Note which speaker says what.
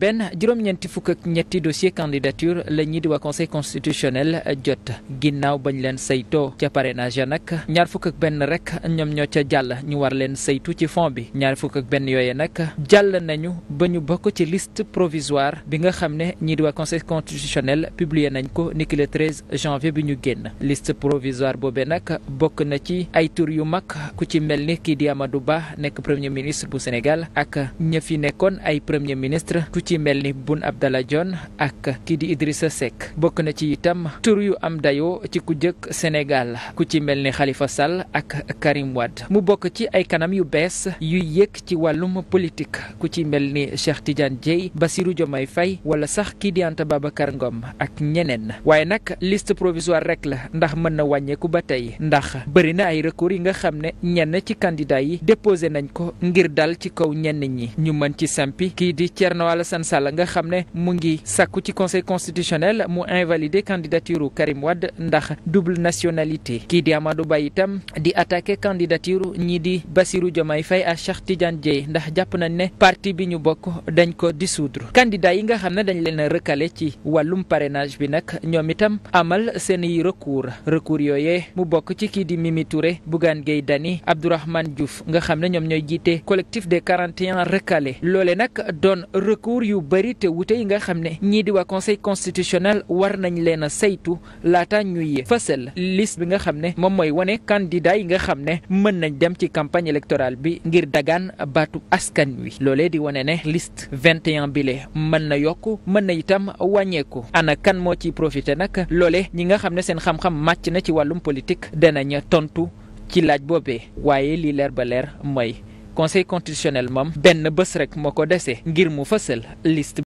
Speaker 1: benn juróom-ñeenti fukk ak ñetti dossier candidature la ñii di waa conseil constitutionnel jot ginnaaw bañ leen saytoo ca parrainage ya nag ñaar fukk ak benn rek ñoom ñoo ca jàll ñu war leen saytu ci fond bi ñaar fukk ak benn yooye nag jàll nañu ba ñu bokk ci liste provisoire bi nga xam ne ñii di waa conseil constitutionnel publier nañ ko niki le 13 janvier bi ñu génn liste provisoire boobee nag bokk na ci ay tur yu mag ku ci mel ni kii di Amadou Ba nekk premier ministre bu Sénégal ak ci mel ni Boun Abdallah Dionne ak kii di Idrissa Seck bokk na ci itam tur yu am dayoo ci ku jëkk Sénégal ku ci mel ni xalifa Sall ak Karim Wade mu bokk ci ay kanam yu bees yuy yëg ci wàllum politique ku ci mel ni Cheikh Tidiane Dieye Bassirou Diomaye Faye wala sax kii di Anta Ngom ak ñeneen waaye nag liste provisoire rek la ndax mën na wàññeeku ba tey ndax bëri na ay recours yi nga xam ne ñenn ci candidat yi déposé nañ ko ngir dal ci kaw ñenn ñi ñu Alassane Sall nga xam ne mu ngi sàkku ci conseil constitutionnel mu invalider candidature Karim Wade ndax double nationalité kii di Amadou Ba itam di attaquer candidature ñii di Bassirou Diomaye Faye ak chaque Tidiane Dieye ndax jàpp nañ ne parti bi ñu bokk dañ ko di dissoudre candidat yi nga xam ne dañ leen a recalé ci wàllum parrainage bi nag ñoom itam amal seen i recours recours yooyee mu bokk ci kii di Mimi Touré Bougane Gueye Dany Abdourahmane Diouf nga xam ne ñoom ñooy jiite yu bëri te wute yi nga xam ne ñii di waa conseil constitutionnel war nañ leen a saytu laata ñuy fësal liste bi nga xam ne moom mooy wane candidat yi nga xam ne mën nañ dem ci campagne électorale bi ngir dagaan baatu askan wi loolee di wane ne liste 21 bile mën na yokk mën na itam wàññeeku ana kan moo ciy profité nag loole ñi nga xam ne seen xam-xam màcc na ci wàllum de danañ tontu ci laaj boobe waaye lii leer ba leer mooy conseil constitutionnel moom benn bés rek moo ko dese ngir mu fësal list